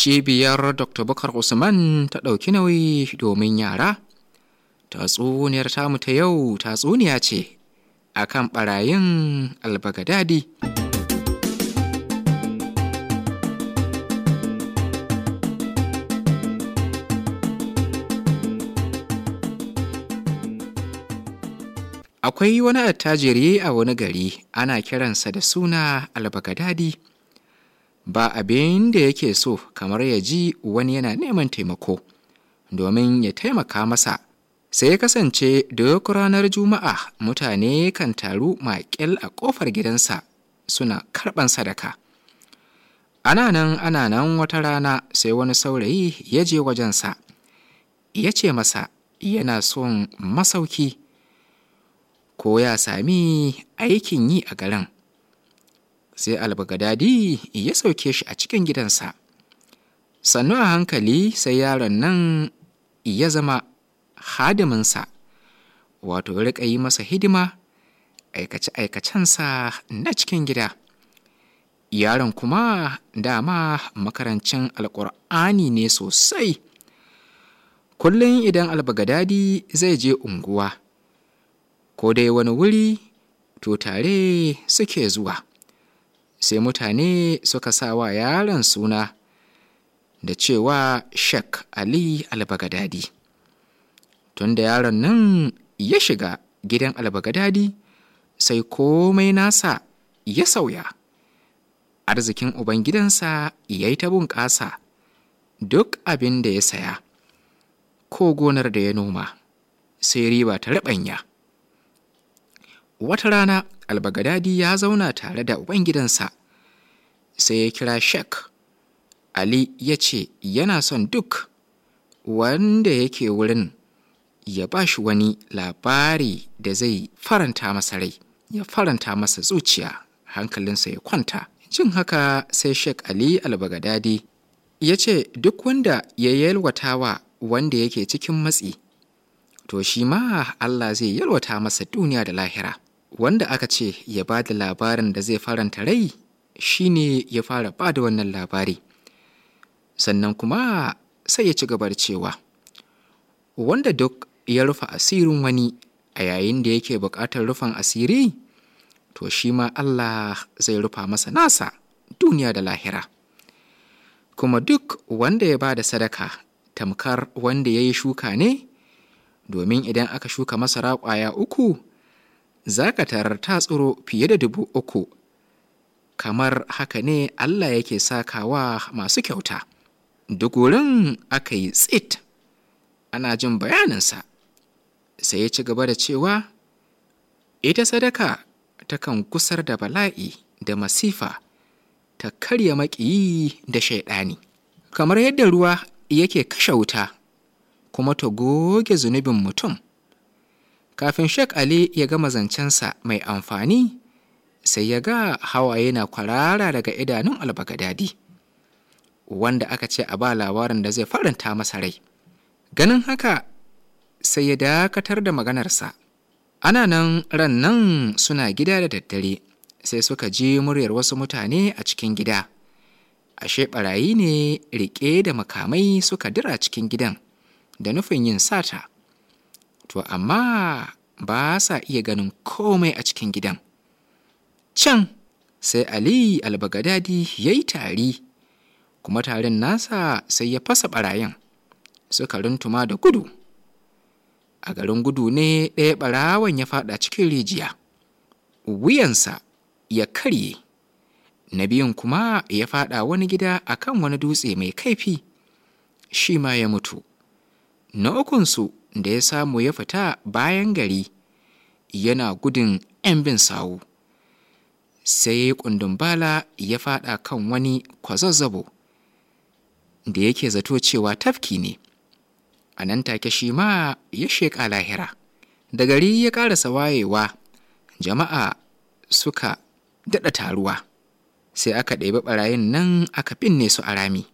cibiyar dr bukar usman ta ɗauki nauyi domin yara tatsuniyar tamu ta yau tatsuniya ce akan ɓarayin albagadadi akwai wani attajiri a wani gari ana kiransa da suna albagadadi ba abin da yake so kamar ya ji wani yana neman taimako domin ya taimaka masa sai ya kasance duk ranar juma'a mutane kan taru maƙil a ƙofar gidansa suna karɓan sadaka ana nan ana nan wata rana sai wani saurayi ya je wajensa ya ce masa yana son masauki ko ya sami aikin yi a garin sai albagadadi ya sauke shi a cikin gidansa sannu a hankali sai yaron nan ya zama hadiminsa wato riƙa yi masa hidima aikace-aikacensa na cikin gida yaron kuma dama makarancin alƙur'ani ne sosai kullum idan albagadadi zai je unguwa ko dai wani wuri to tare suke zuwa sai mutane suka sa wa yaron suna da cewa shek ali albagadadi tun da yaron nan ya shiga gidan albagadadi sai komai nasa ya sauya arzikin ubangidansa ya yi ta bunƙasa duk abin da ya saya ko gonar da ya noma sai riba ta riɓanya wata rana albagadadi ya zauna tare da ubangidansa sai ya kira shek ali ya ce yana son duk wanda yake wurin ya ba shi wani labari da zai faranta masa rai ya faranta masa zuciya hankalinsa ya kwanta jin haka sai shek ali albagadadi ya ce duk wanda ya yalwata wa wanda yake cikin matsi to shi ma allah zai yalwata masa duniya da lahira wanda aka ce ya ba da labarin da zai faranta rai Shi ne ya fara ba da wannan labari sannan kuma sai ya ci gaba cewa wanda duk ya rufe asirin wani a yayin da yake buƙatar rufin asiri to shi ma Allah zai rufa masa nasa duniya da lahira kuma duk wanda ya ba da sadaka tamkar wanda ya yi shuka ne domin idan aka shuka masara ƙwaya uku za ka tarar ta tsoro fiye da dubu uku kamar haka ne allah yake sakawa masu kyauta duk wurin aka yi tsit ana jin bayaninsa sai ya ci gaba da cewa ita sadaka ta kan kusar da bala'i da masifa ta karya maƙiyi da shaiɗani kamar yadda ruwa yake kashe wuta kuma ta goge zunubin mutum kafin Sheikh Ali ya gama zancensa mai amfani sai ya ga hawaye na kwarara daga idanun albagadadi wanda aka ce a ba labarin da zai faranta masa rai ganin haka sai ya dakatar da maganarsa ana nan ran nan suna gida da daddare sai suka ji muryar wasu mutane a cikin gida ashe ɓarayi ne riƙe da makamai suka dira cikin gidan da nufin yin sata to amma ba sa iya ganin komai a cikin gidan can sai ali albagadadi ya yi tari kuma tarin nasa sai ya fasa ɓarayin suka runtuma da gudu a garin gudu ne ɗaya ɓarawan ya faɗa cikin rijiya wuyansa ya karye na biyun kuma ya faɗa wani gida akan wani dutse mai kaifi shi ma ya mutu na ukunsu da ya samu ya fita bayan gari yana gudun 'yan bin sawu sai ya yi ƙundumbala ya fada kan wani kwazazzabo da yake zato cewa tafki ne a nan take shi ma ya sheƙa lahira da gari ya ƙarasa wayewa jama'a suka daɗa taruwa sai aka ɗebi ɓarayin nan aka binne su a rami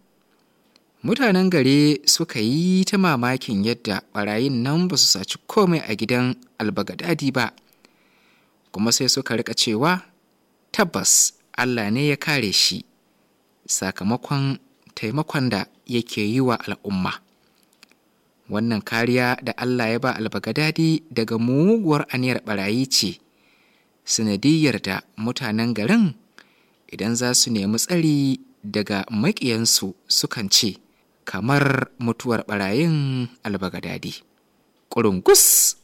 mutanen gare suka yi ta mamakin yadda barayin nan ba su saci komai a gidan albagadadi ba kuma sai suka rika cewa tabbas allah ne ya kare shi sakamakon taimakon da yake yi wa al'umma wannan kariya da allah ya ba albagadadi daga muguwar aniyar barayi ce sanadiyyar da mutanen garin idan za su nemi tsari daga maƙiyansu sukan ce kamar mutuwar ɓarayin albagadadi ƙurungus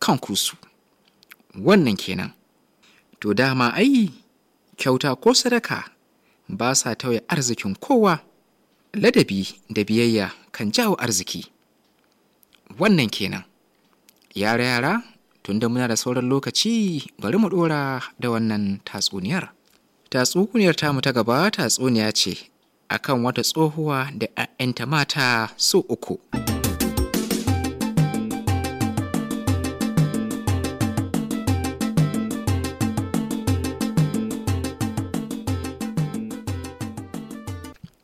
kan kusu wannan kenan to dama ai kyauta ko sadaka ba sa tauye arzikin kowa ladabi da biyayya kan jawo arziki wannan kenan yara-yara tun da muna da sauran lokaci bari mu ɗora da wannan tatsuniyar tatsuniyar mu ta gaba tatsuniya ce akan wata tsohuwa da 'ya'yanta mata su uku.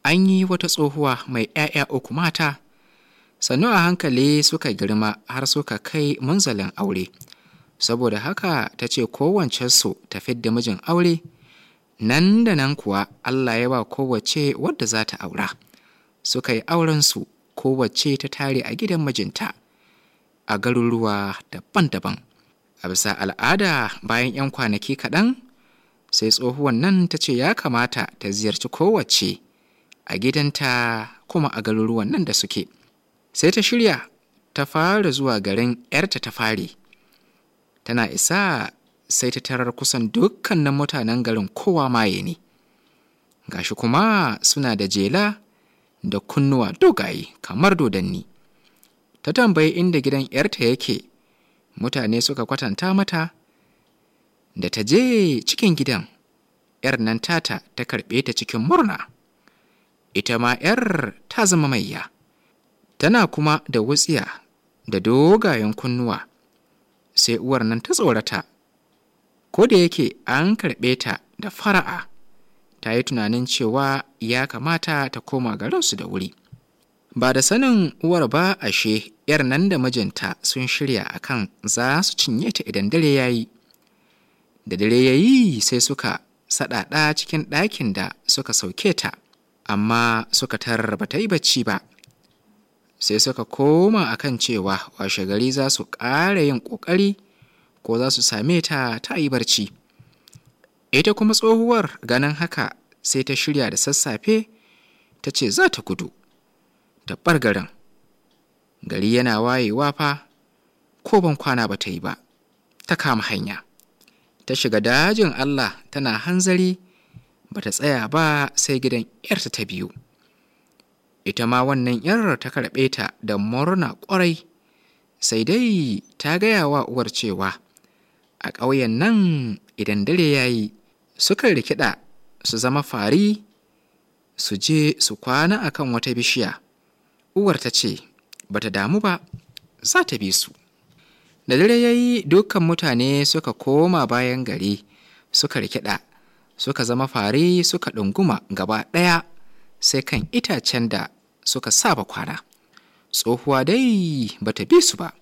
An yi wata tsohuwa mai 'ya'ya uku mata, sannu a hankali suka girma har suka kai manzalin aure, saboda haka ta ce kowancensu ta da mijin aure. nan da nan kuwa Allah ya ba kowace wadda za ta aura suka yi aurensu kowace ta tare a gidan mijinta a garuruwa daban-daban a bisa al'ada bayan 'yan kwanaki kaɗan sai tsohuwan nan ta ce ya kamata ta ziyarci kowace a gidanta kuma a garuruwan nan da suke sai ta shirya ta fara zuwa garin 'yarta ta fare tana isa sai ta tarar kusan dukkanin mutanen garin kowa maye ne gashi kuma suna da jela da kunnuwa dogaye kamar dodanni ta tambayi inda gidan ‘yarta yake mutane suka kwatanta mata da ta je cikin gidan ‘yar nan tata ta karɓe ta cikin murna ita ma ‘yar ta zama maiya tana kuma da wutsiya da dogayen kunnuwa sai uwar nan ta tsorata ko da yake an karɓe ta da fara'a ta yi tunanin cewa ya kamata ta koma garinsu da wuri ba da sanin uwar ba ashe yar nan da mijinta sun shirya akan za su cinye ta idan dare ya yi da dare ya yi sai suka saɗaɗa cikin ɗakin da suka sauke ta amma suka tarar ta yi bacci ba sai suka koma akan cewa washe gari za su ƙara yin ƙoƙari ko za su same ta ta yi barci ita kuma tsohuwar ganin haka sai ta shirya da sassafe ta ce za ta gudu ta garin gari yana wayewa fa ko ban kwana ba ta yi ba ta kama hanya ta shiga dajin allah tana hanzari ba ta tsaya ba sai gidan 'yarta ta biyu ita ma wannan 'yar ta karɓe ta da murna ƙwarai sai dai ta gaya wa uwar cewa a ƙauyen nan idan dare ya yi sukan rikida su zama fari su je su kwana a kan wata bishiya uwar ta ce ba ta damu ba za ta bi su da dare ya yi dukkan mutane suka koma bayan gari suka rikida suka zama fari suka ɗunguma gaba ɗaya sai kan itacen da suka saba kwana tsohuwa dai ba ta bi su ba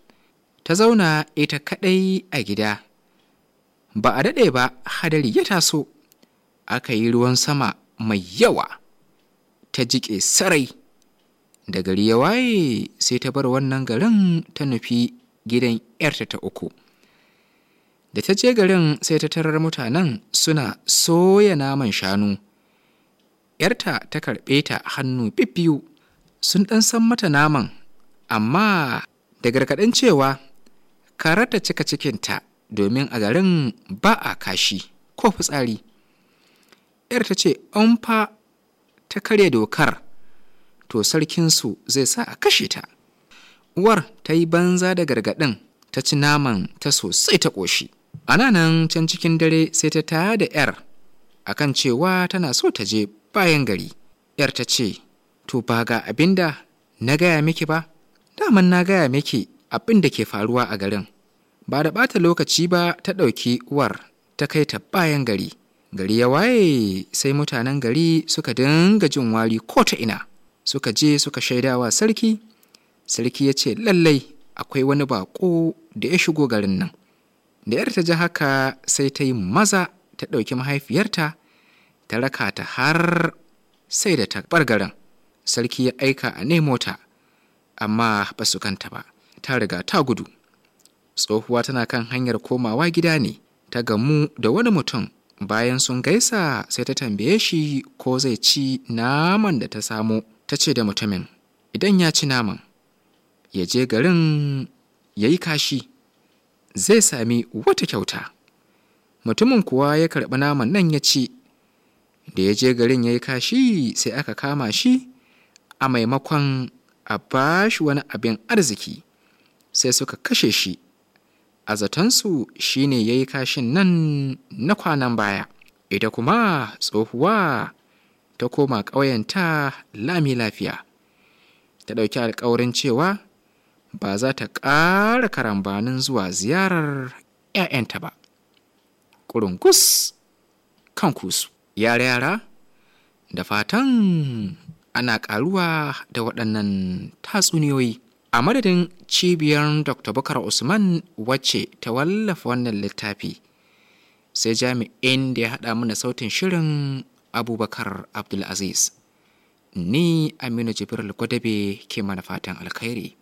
ta zauna ita kaɗai a gida ba a daɗe ba hadari ya taso aka yi ruwan sama mai yawa ta jiƙe sarai da gari ya waye sai ta bar wannan garin ta nufi gidan 'yarta ta uku da ta je garin sai ta tarar mutanen suna soya naman shanu ‘yarta ta karɓe ta hannu bibbiyu sun ɗan san mata naman amma da gargaɗin cewa karar ta cika cikinta domin a garin ba a kashi ko fitsari yar ta ce an fa ta karya dokar to sarkinsu zai sa a kashe ta uwar ta yi banza da gargaɗin ta ci naman ta sosai ta ƙoshi ana nan can cikin dare sai ta taya da yar a kan cewa tana so ta je bayan gari yar ta ce to ba ga abin da na gaya miki ba daman na gaya miki abin da ke faruwa a garin ba da ɓata lokaci ba ta ɗauki uwar ta kai ta bayan gari gari ya waye sai mutanen gari suka dinga jin wari ko ta ina suka je suka shaidawa sarki sarki ya ce lallai akwai wani baƙo da ya shigo garin nan da yar ta ji haka sai ta yi maza ta ɗauki mahaifiyarta ta raka ta har sai da ta bar garin sarki ya aika a nemo ta amma ba su kanta ba ta riga ta gudu tsohuwa tana kan hanyar komawa gida ne ta gamu da wani mutum bayan sun gaisa sai ta tambaye shi ko zai ci naman da ta samo ta ce da mutumin idan ya ci naman ya je garin ya yi kashi zai sami wata kyauta mutumin kuwa ya karɓi naman nan ya ci da ya je garin ya yi kashi sai aka kama shi a maimakon a bashi wani abin arziki sai suka kashe shi a zatonsu shi ne ya yi kashin nan na kwanan baya ita kuma tsohuwa ta koma ƙauyenta lami lafiya ta ɗauki alƙawarin cewa ba za ta ƙara karambanin zuwa ziyarar 'ya'yanta ba ƙurungus kan kusu yara-yara da fatan ana ƙaruwa da waɗannan tatsuniyoyi a madadin cibiyar dr bukar usman wacce ta wallafa wannan littafi sai jami'in da ya haɗa mana sautin shirin abubakar abdulaziz ni aminu jibril gwadabe ke mana fatan alkhairi